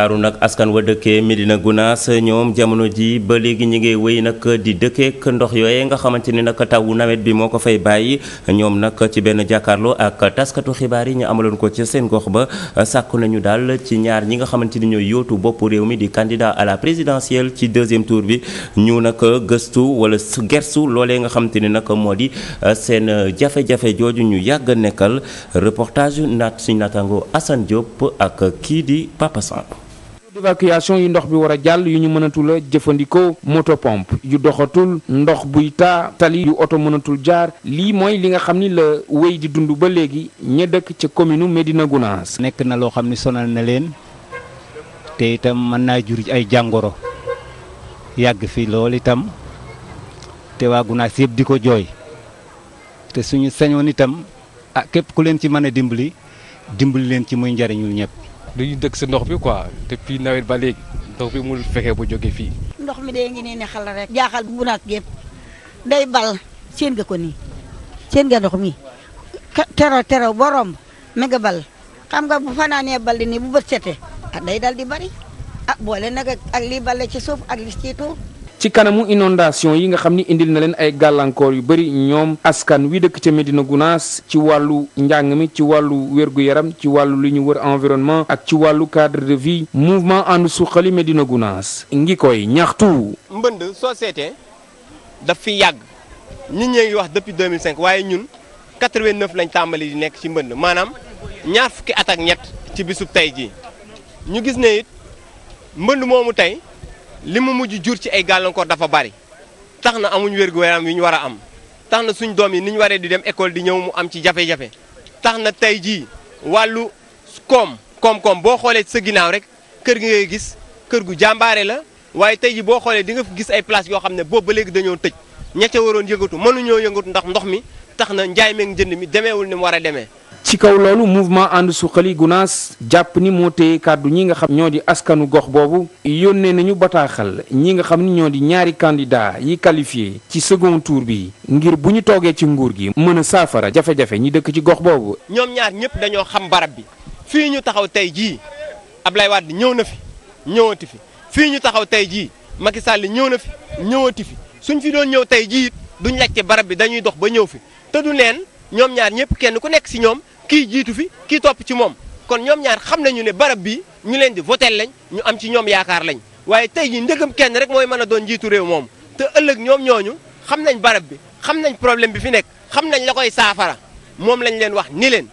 aaru nag askan wa dëkkee Médina Gounass ñoom jamono ji ba léegi ñi ngi wéy nag di dëkkeek ndox yooye nga xamante ni nag tawu nawet bi moo ko fay bàyyi ñoom nag ci benn jàkkaarloo ak taskatu xibaar yi ñu amaloon ko ci seen gox ba sàkk nañu daal ci ñaar ñi nga xamante ni ñooy yootu bopp réew mi di candidat à la présidentielle ci deuxième tour bi ñu nag gëstu wala gersu loole nga xamante ni nag moo di seen jafe-jafe jooju ñu yàgg a nekkal reportage naat suñu naataango Assane Diop ak kii di Papa d'évacuation yu ndox bi war a jàll yu ñu mënatul jëfandikoo moto pompe yu doxatul ndox buy taa tali yu oto mënatul jaar lii mooy li nga xam ni la wéy di dund ba léegi ña dëkk ca commune Médina Gounass nekk na loo xam ni sonal na leen te itam mën naa jur ay jàngoro yàgg fi lool itam te waa Gounass yëpp di ko jooy te suñu sañoon itam ah képp ku leen ci mën a dimbali dimbali leen ci muy njariñul ñëpp du dañuy dëkk si ndox bi quoi depuis nawet ba léegi ndox bi mënul fexe ba jóge fii. ndox mi de ngi nii ne xala rek. jaaxal bu naat yëpp day bal seen nga ko nii seen ga ndox mi tero tero borom mi nga bal xam nga bu fanaanee bal di nii bu bët setee ah day dal di bari ah boole nag ak lii bale ci suuf ak li ci ci kanamu inondation yi nga xam ni indil na leen ay gàllankoor yu bëri ñoom askan wi dëkk ca Médina Gounass ci wàllu njàng mi ci wàllu wérgu yaram ci wàllu li ñu wër environnement ak ci wàllu cadre de vie mouvement ànd suqali Médina Gounass ngi koy ñaxtu. mbënd société daf fi yàgg nit ñi ngi wax depuis 2005 waaye ñun 89 lañ tàmbali di nekk ci mbënd maanaam ñaar fukki at ak ñett ci bisub tey jii ñu gis ne it mbënd moomu tey. li mu mujj jur ci ay gàllankoor dafa bari tax na amuñ wér-gu-yaram yu ñu war a am tax na suñ doom yi ni ñu waree di dem école di ñëw mu am ci jafe-jafe tax na tey jii wàllu koom koom-koom boo xoolee sa ginnaaw rek kër gi ngay gis kër gu jàmbaare la waaye tey ji boo xoolee di nga gis ay place yoo xam ne boobu ba léegi dañoo tëj ña ca waroon yëngatu mënuñoo yëngatu ndax ndox mi tax na njaay meeg njënd mi demeewul ni mu war a demee ci kaw loolu mouvement ànd suqali gunaas jàpp ni moo téye kàddu ñi nga xam ñoo di askanu gox boobu yónnee nañu bataaxal ñi nga xam ni ñoo di ñaari candidat yi qualifié ci second tour bi ngir bu ñu toogee ci nguur gi mën a saafara jafe-jafe ñi dëkk ci gox boobu. ñoom ñaar ñëpp dañoo xam barab bi fii ñu taxaw tey jii Ablaye di ñëw na fi ñëwati fi fii ñu taxaw tey jii Macky Sall ñëw na fi ñëwati fi suñ fi doon ñëw tey jii duñu laajte barab bi dañuy dox ba ñëw fi te leen ñoom ñaar ñëpp kenn ku nekk si ñoom kii jiitu fi kii topp ci moom kon ñoom ñaar xam nañu ne barab bii ñu leen di votel lañ ñu am ci ñoom yaakaar lañ waaye tey ji ndëgam kenn rek mooy mën a doon jiitu réew moom te ëllëg ñoom ñooñu xam nañ barab bi xam nañ problème bi fi nekk xam nañ la koy saafara moom lañ leen wax ni leen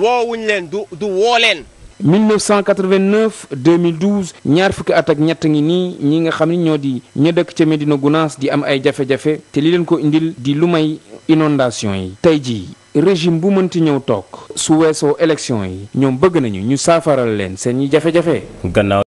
woowuñ leen du du woo leen 1989 2012 ñaar fukki at ak ñett ngi nii ñi nga xam ni ñoo di ña dëkk ca Medina Gounass di am ay jafe-jafe te li leen ko indil di lu may inondation yi régime bu mënti ñëw toog su weesoo élection yi ñoom bëgg nañu ñu saafaral leen seen i jafe-jafe